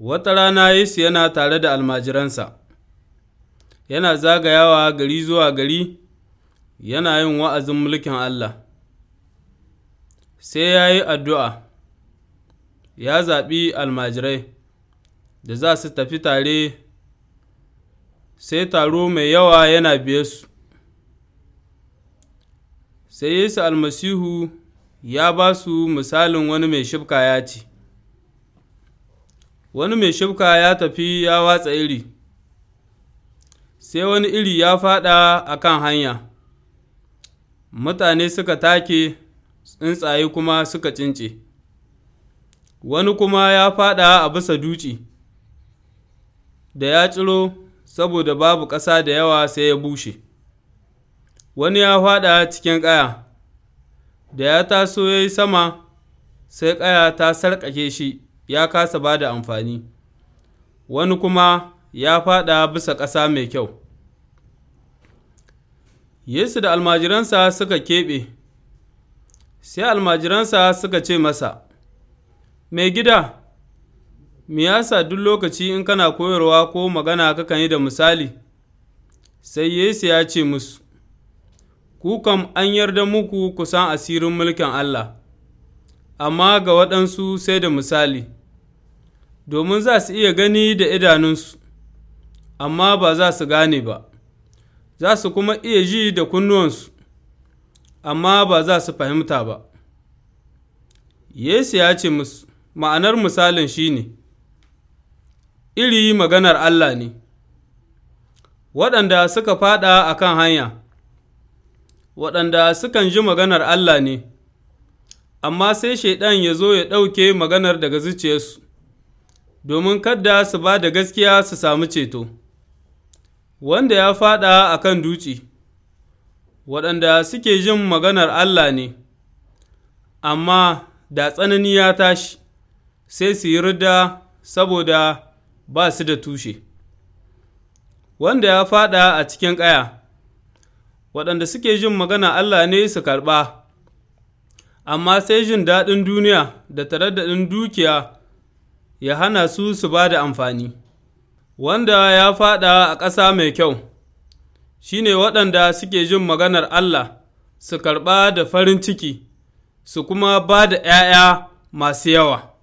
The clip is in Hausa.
Wata rana Yesu yana tare da almajiransa, yana zagayawa gari zuwa gari, yana yin wa'azin mulkin Allah, sai ya yi addu'a, ya zaɓi almajirai da za su tafi tare, sai taro mai yawa yana biye su. Sai Yesu almasihu ya ba su misalin wani mai shifka ya ce, wani mai shibka ya tafi ya watsa iri, sai wani iri ya faɗa a kan hanya, mutane suka take, tsuntsaye kuma suka cince, wani kuma ya faɗa a bisa duci, da ya ciro saboda babu ƙasa da yawa sai ya bushe, wani ya faɗa cikin ƙaya, da ya taso ya yi sama, sai ƙaya ta sarƙake shi. ya kasa ba da amfani, wani kuma ya faɗa bisa ƙasa mai kyau. Yesu da almajiransa suka keɓe, sai almajiransa suka ce masa, Mai gida, mi yasa duk lokaci in kana koyarwa ko magana kakan yi da misali? Sai Yesu ya ce musu, Ku kam an yarda muku kusan asirin mulkin Allah, amma ga waɗansu sai da misali. domin za su iya gani da idanunsu, amma ba za su gane ba, za su kuma iya ji da kunnuwansu, amma ba za su fahimta ba. Yesu ya ce musu, ma'anar misalin shi ne, iri maganar Allah ne, waɗanda suka faɗa a kan hanya, waɗanda sukan ji maganar Allah ne, amma sai Shaiɗan ya zo ya ɗauke maganar daga zuciyarsu. domin kadda su ba da gaskiya su sami ceto, wanda ya faɗa a kan dutse waɗanda suke jin maganar Allah ne, amma da tsanani ya tashi, sai su yi rida saboda ba su da tushe. Wanda ya faɗa a cikin ƙaya, waɗanda suke jin magana Allah ne su karɓa, amma sai jin daɗin duniya da tare dukiya. ya hana su su ba da amfani, wanda ya faɗa a ƙasa mai kyau, shi ne waɗanda suke jin maganar Allah su karɓa da farin ciki, su kuma ba da ’ya'ya masu yawa.